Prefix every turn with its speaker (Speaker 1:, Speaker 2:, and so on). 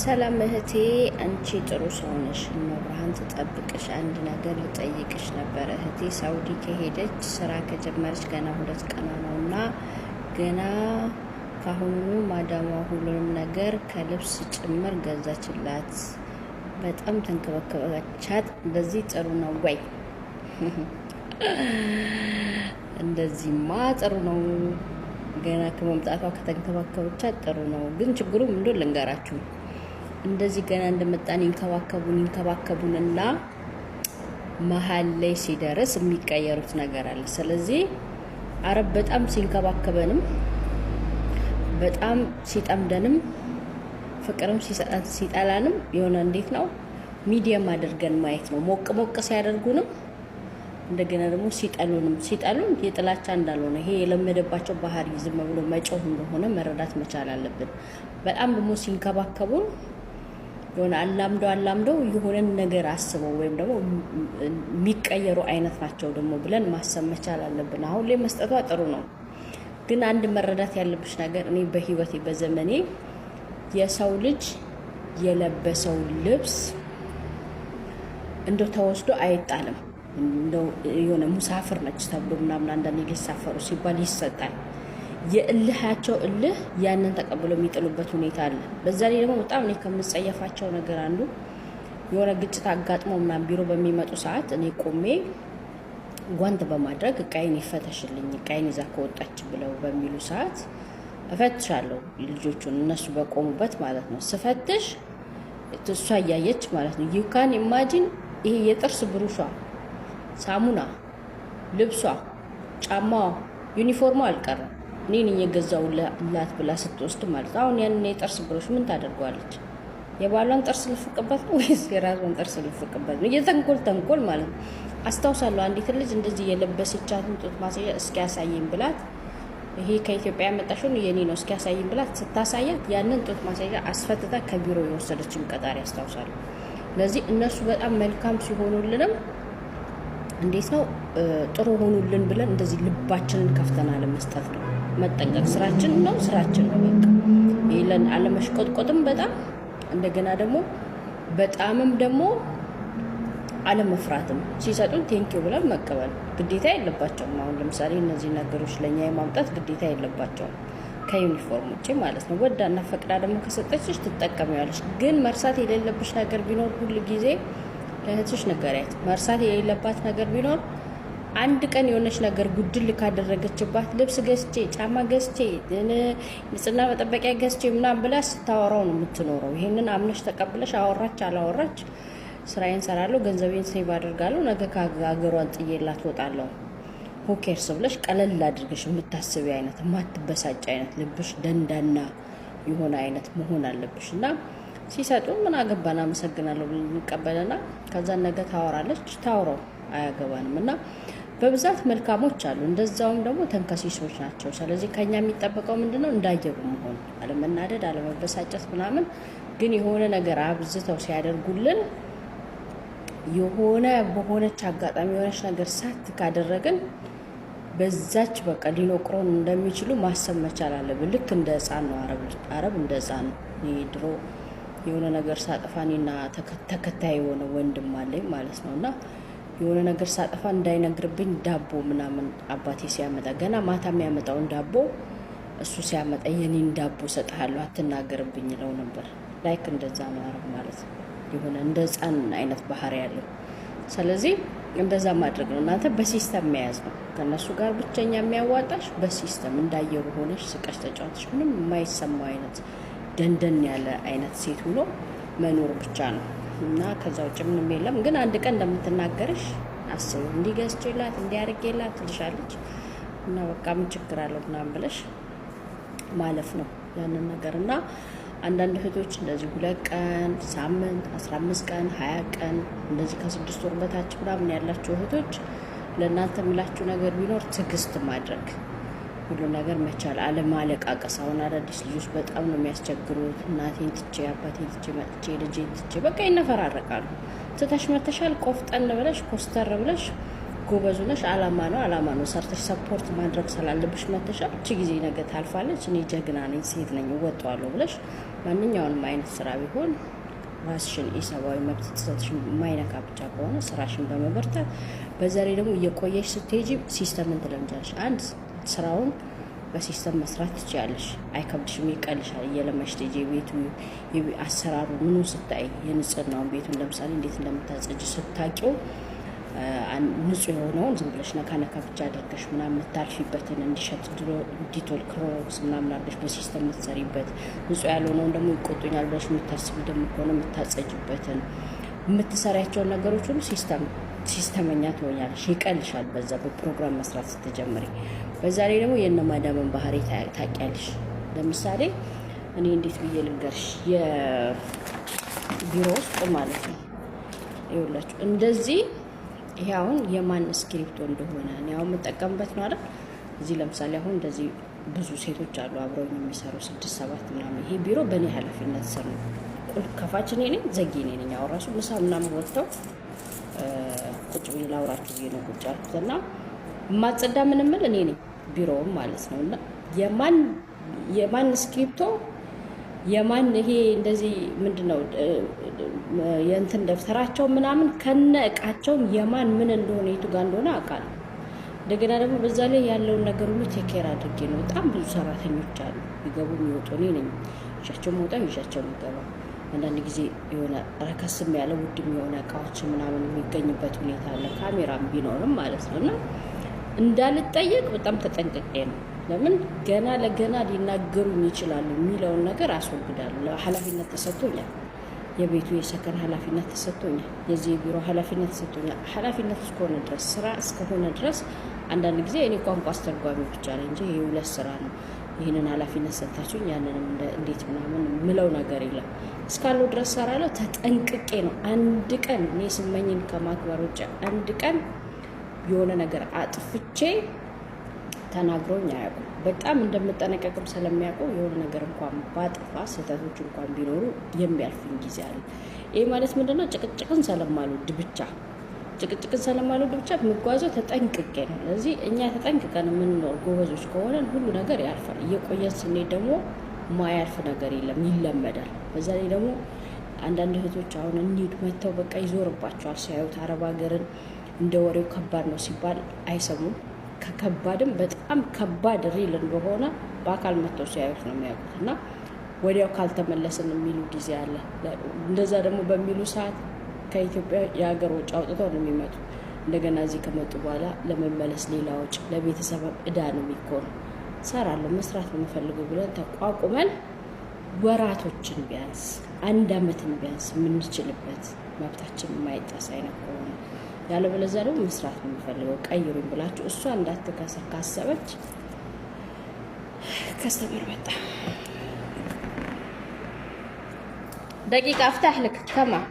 Speaker 1: ሰላም እህቴ፣ አንቺ ጥሩ ሰው ነሽ፣ ብርሃን ትጠብቅሽ። አንድ ነገር ልጠይቅሽ ነበር እህቴ። ሳውዲ ከሄደች ስራ ከጀመረች ገና ሁለት ቀና ነው እና ገና ካሁኑ ማዳሟ ሁሉንም ነገር ከልብስ ጭምር ገዛችላት። በጣም ተንከባከበቻት። እንደዚህ ጥሩ ነው ወይ? እንደዚህማ ጥሩ ነው። ገና ከመምጣቷ ከተንከባከበቻት ጥሩ ነው። ግን ችግሩ ምንድን ልንገራችሁ እንደዚህ ገና እንደመጣን ይንከባከቡን ይንከባከቡንና መሀል ላይ ሲደርስ የሚቀየሩት ነገር አለ። ስለዚህ አረብ በጣም ሲንከባከበንም በጣም ሲጠምደንም ፍቅርም ሲጠላንም የሆነ እንዴት ነው ሚዲየም አድርገን ማየት ነው። ሞቅ ሞቅ ሲያደርጉንም እንደገና ደግሞ ሲጠሉንም ሲጠሉን የጥላቻ እንዳልሆነ ይሄ የለመደባቸው ባህሪ ዝም ብሎ መጮህ እንደሆነ መረዳት መቻል አለብን። በጣም ደግሞ ሲንከባከቡን የሆነ አላምደው አላምደው የሆነን ነገር አስበው ወይም ደግሞ የሚቀየሩ አይነት ናቸው ደግሞ ብለን ማሰብ መቻል አለብን። አሁን ላይ መስጠቷ ጥሩ ነው፣ ግን አንድ መረዳት ያለብሽ ነገር እኔ በህይወቴ በዘመኔ የሰው ልጅ የለበሰው ልብስ እንደ ተወስዶ አይጣልም። የሆነ ሙሳፍር ነች ተብሎ ምናምን አንዳንድ ሊሳፈሩ ሲባል ይሰጣል። የእልሃቸው እልህ ያንን ተቀብለው የሚጥሉበት ሁኔታ አለ። በዛ ላይ ደግሞ በጣም እኔ ከምጸየፋቸው ነገር አንዱ የሆነ ግጭት አጋጥሞ ምናምን ቢሮ በሚመጡ ሰዓት እኔ ቆሜ ጓንት በማድረግ እቃይን ይፈተሽልኝ እቃይን ይዛ ከወጣች ብለው በሚሉ ሰዓት እፈትሻለሁ ልጆቹን እነሱ በቆሙበት ማለት ነው። ስፈትሽ እሷ እያየች ማለት ነው። ዩካን ኢማጂን ይሄ የጥርስ ብሩሿ፣ ሳሙና፣ ልብሷ፣ ጫማዋ፣ ዩኒፎርሟ አልቀረም። እኔን ላት ብላ ስትወስድ ማለት ነው። አሁን ያንን የጥርስ ብሮሽ ምን ታደርገዋለች? የባሏን ጥርስ ልፍቅበት ነው ወይስ የራሷን ጥርስ ልፍቅበት ነው? የተንኮል ተንኮል ማለት ነው። አስታውሳለሁ አንዲትን ልጅ እንደዚህ የለበሰቻትን ጡት ማስያዣ እስኪያሳይም ብላት ይሄ ከኢትዮጵያ ያመጣሽውን የኔ ነው እስኪያሳይም ብላት ስታሳያት ያንን ጡት ማስያዣ አስፈትታ ከቢሮ የወሰደችም ቀጣሪ አስታውሳለሁ። ለዚህ እነሱ በጣም መልካም ሲሆኑልንም እንዴት ነው ጥሩ ሆኑልን ብለን እንደዚህ ልባችንን ከፍተና ለመስጠት ነው። መጠንቀቅ ስራችን ነው፣ ስራችን ነው። በቃ ይለን አለመሽቆጥቆጥም በጣም እንደገና ደግሞ በጣምም ደግሞ አለመፍራትም ሲሰጡን ቴንኪ ብለን መቀበል ግዴታ የለባቸውም። አሁን ለምሳሌ እነዚህ ነገሮች ለእኛ የማምጣት ግዴታ የለባቸውም ከዩኒፎርም ውጭ ማለት ነው። ወዳና ፈቅዳ ደግሞ ከሰጠችሽ ትጠቀሚዋለሽ። ግን መርሳት የሌለብሽ ነገር ቢኖር ሁል ጊዜ ለእህትሽ ንገሪያት። መርሳት የሌለባት ነገር ቢኖር አንድ ቀን የሆነች ነገር ጉድል ካደረገችባት ልብስ ገዝቼ ጫማ ገዝቼ ንጽህና መጠበቂያ ገዝቼ ምናምን ብላ ስታወራው ነው የምትኖረው። ይህንን አምነሽ ተቀብለሽ አወራች አላወራች ስራዬን ሰራለሁ፣ ገንዘቤን ሴቭ አድርጋለሁ፣ ነገ ከሀገሯን ጥዬላት ወጣለሁ ሆኬርስ ብለሽ ቀለል አድርገሽ የምታስቢ አይነት የማትበሳጭ አይነት ልብሽ ደንዳና የሆነ አይነት መሆን አለብሽ እና ሲሰጡ ምን አገባን አመሰግናለሁ ብለን እንቀበልና ከዛን ነገ ታወራለች። ታውረው አያገባንም እና በብዛት መልካሞች አሉ፣ እንደዛውም ደግሞ ተንከሲሶች ናቸው። ስለዚህ ከኛ የሚጠበቀው ምንድነው? እንዳየሩ መሆን፣ አለመናደድ፣ አለመበሳጨት ምናምን። ግን የሆነ ነገር አብዝተው ሲያደርጉልን የሆነ በሆነች አጋጣሚ የሆነች ነገር ሳት ካደረግን በዛች በቃ ሊኖቅሮን እንደሚችሉ ማሰብ መቻል አለብን። ልክ እንደ ህፃን ነው አረብ፣ እንደ ህፃን ነው። ድሮ የሆነ ነገር ሳጥፋ ተከታይ የሆነ ወንድም አለኝ ማለት ነው እና የሆነ ነገር ሳጠፋ እንዳይነግርብኝ ዳቦ ምናምን አባቴ ሲያመጣ ገና ማታ የሚያመጣውን ዳቦ እሱ ሲያመጣ የኔን ዳቦ እሰጥሃለሁ አትናገርብኝ ይለው ነበር። ላይክ እንደዛ ነው አረብ ማለት የሆነ እንደ ህፃን አይነት ባህሪ ያለው። ስለዚህ እንደዛ ማድረግ ነው እናንተ በሲስተም መያዝ ነው። ከእነሱ ጋር ብቸኛ የሚያዋጣሽ በሲስተም እንዳየሩ ሆነሽ ስቀሽ ተጫዋትሽ ምንም የማይሰማው አይነት ደንደን ያለ አይነት ሴት ሆኖ መኖር ብቻ ነው። እና ከዛ ውጭ ምንም የለም። ግን አንድ ቀን እንደምትናገርሽ አስቡ። እንዲገዝቼላት እንዲያርጌላት ትልሻለች እና በቃ ምን ችግር አለው ምናምን ብለሽ ማለፍ ነው ያንን ነገር እና አንዳንድ እህቶች እንደዚህ ሁለት ቀን ሳምንት፣ አስራ አምስት ቀን፣ ሀያ ቀን እንደዚህ ከስድስት ወር በታች ምናምን ያላቸው እህቶች ለእናንተ የምላችሁ ነገር ቢኖር ትዕግስት ማድረግ ሁሉ ነገር መቻል አለማለቃቀስ። አሁን አዳዲስ ልጆች በጣም ነው የሚያስቸግሩት። እናቴን ትቼ አባቴን ትቼ መጥቼ ልጄን ትቼ በቃ ይነፈራረቃሉ። ትተሽ መተሻል። ቆፍጠን ብለሽ ኮስተር ብለሽ ጎበዝ ነሽ። አላማ ነው አላማ ነው ሰርተሽ ሰፖርት ማድረግ ስላለብሽ መተሻል። እች ጊዜ ነገ ታልፋለች። እኔ ጀግና ነኝ፣ ሴት ነኝ፣ እወጣዋለሁ ብለሽ ማንኛውንም አይነት ስራ ቢሆን ራስሽን የሰብአዊ መብት ጥሰትሽን የማይነካ ብቻ ከሆነ ስራሽን በመበርታት በዛሬ ደግሞ እየቆየሽ ስትሄጂ ሲስተምን ትለምጃለሽ አንድ ስራውን በሲስተም መስራት ትችያለሽ። አይከብድሽም፣ ይቀልሻል። እየለመሽ ልጅ የቤቱ አሰራሩ ምኑ ስታይ የንጽህናውን ቤቱን ለምሳሌ እንዴት እንደምታጸጅ ስታቂው ንጹህ የሆነውን ዝም ብለሽ ነካ ነካ ብቻ አድርገሽ ምናምን የምታልፊበትን እንዲሸት ዲቶል ክሮክስ ምናምን አድርገሽ በሲስተም የምትሰሪበት ንጹህ ያልሆነውን ደግሞ ይቆጡኛል ብለሽ የምታስቢ ደግሞ ከሆነ የምታጸጅበትን የምትሰሪያቸውን ነገሮች ሁሉ ሲስተም ሲስተመኛ ትሆኛለሽ፣ ይቀልሻል። በዛ በፕሮግራም መስራት ስትጀምሪ በዛ ላይ ደግሞ የእነ ማዳምን ባህሪ ታውቂያለሽ። ለምሳሌ እኔ እንዴት ብዬ ልንገርሽ፣ የቢሮ ውስጥ ማለት ነው ይኸውላችሁ፣ እንደዚህ ይሄ አሁን የማን እስክሪፕቶ እንደሆነ እኔ አሁን የምጠቀምበት ነው አይደል? እዚህ ለምሳሌ አሁን እንደዚህ ብዙ ሴቶች አሉ አብረው የሚሰሩ ስድስት ሰባት ምናምን። ይሄ ቢሮ በእኔ ኃላፊነት ስር ነው። ቁልፍ ከፋች እኔ ነኝ፣ ዘጊ እኔ ነኝ። አሁን ራሱ ምሳ ምናምን ወጥተው ቁጭ ብዬ ላውራችሁ ብዬ ነው ቁጭ ያልኩት እና የማጸዳ ምንምል እኔ ነኝ። ቢሮውም ማለት ነው እና የማን የማን እስክሪብቶ የማን ይሄ እንደዚህ ምንድን ነው የእንትን ደብተራቸው ምናምን ከነ እቃቸውም የማን ምን እንደሆነ የቱ ጋር እንደሆነ አውቃለሁ። እንደገና ደግሞ በዛ ላይ ያለውን ነገር ሁሉ ቴኬር አድርጌ ነው። በጣም ብዙ ሰራተኞች አሉ፣ ይገቡ የሚወጡ እኔ ነኝ። ይዣቸው መውጣ ይዣቸው የሚገባ አንዳንድ ጊዜ የሆነ ረከስም ያለ ውድም የሆነ እቃዎች ምናምን የሚገኝበት ሁኔታ አለ፣ ካሜራም ቢኖርም ማለት ነው እና እንዳልጠየቅ በጣም ተጠንቅቄ ነው። ለምን ገና ለገና ሊናገሩኝ ይችላሉ የሚለውን ነገር አስወግዳለሁ። ኃላፊነት ተሰጥቶኛል። የቤቱ የሰከን ኃላፊነት ተሰጥቶኛል። የዚህ የቢሮ ኃላፊነት ተሰጥቶኛል። ኃላፊነት እስከሆነ ድረስ ስራ እስከሆነ ድረስ አንዳንድ ጊዜ እኔ ቋንቋ አስተርጓሚ ብቻ ነኝ እንጂ ይህ ሁለት ስራ ነው። ይህንን ኃላፊነት ሰጥታችሁኝ ያንንም እንዴት ምናምን ምለው ነገር የለም። እስካለው ድረስ ሰራለው። ተጠንቅቄ ነው። አንድ ቀን እኔ ስመኝን ከማክበር ውጭ አንድ ቀን የሆነ ነገር አጥፍቼ ተናግሮኝ አያውቁም። በጣም እንደምጠነቀቅም ስለሚያውቁ የሆነ ነገር እንኳን ባጠፋ ስህተቶች እንኳን ቢኖሩ የሚያልፍኝ ጊዜ አለ። ይህ ማለት ምንድነው? ጭቅጭቅን ስለማልወድ ብቻ ጭቅጭቅን ስለማልወድ ብቻ የምጓዘው ተጠንቅቄ ነው። ስለዚህ እኛ ተጠንቅቀን የምንኖር ጎበዞች ከሆነን ሁሉ ነገር ያልፋል። እየቆየን ስንሄድ ደግሞ ማያልፍ ነገር የለም፣ ይለመዳል። በዛ ላይ ደግሞ አንዳንድ እህቶች አሁን እንሂድ መጥተው በቃ ይዞርባቸዋል። ሲያዩት አረብ ሀገርን እንደ ወሬው ከባድ ነው ሲባል አይሰሙም። ከከባድም በጣም ከባድ ሪል እንደሆነ በአካል መጥተው ሲያዩት ነው የሚያውቁት እና ወዲያው ካልተመለስን የሚሉ ጊዜ አለ። እንደዛ ደግሞ በሚሉ ሰዓት ከኢትዮጵያ የሀገር ወጪ አውጥተው ነው የሚመጡ። እንደገና እዚህ ከመጡ በኋላ ለመመለስ ሌላ ወጪ፣ ለቤተሰብ እዳ ነው የሚኮኑ። ሰራለሁ መስራት ነው የምፈልገው ብለን ተቋቁመን ወራቶችን ቢያንስ አንድ አመትን ቢያንስ የምንችልበት መብታችን የማይጣስ አይነት ከሆነ ያለበለዚያ ደግሞ መስራት የምንፈልገው ቀይሩኝ ብላችሁ እሷ እንዳትከስር ካሰበች ከስተመር መጣ ደቂቃ አፍታህ ልክ ከማ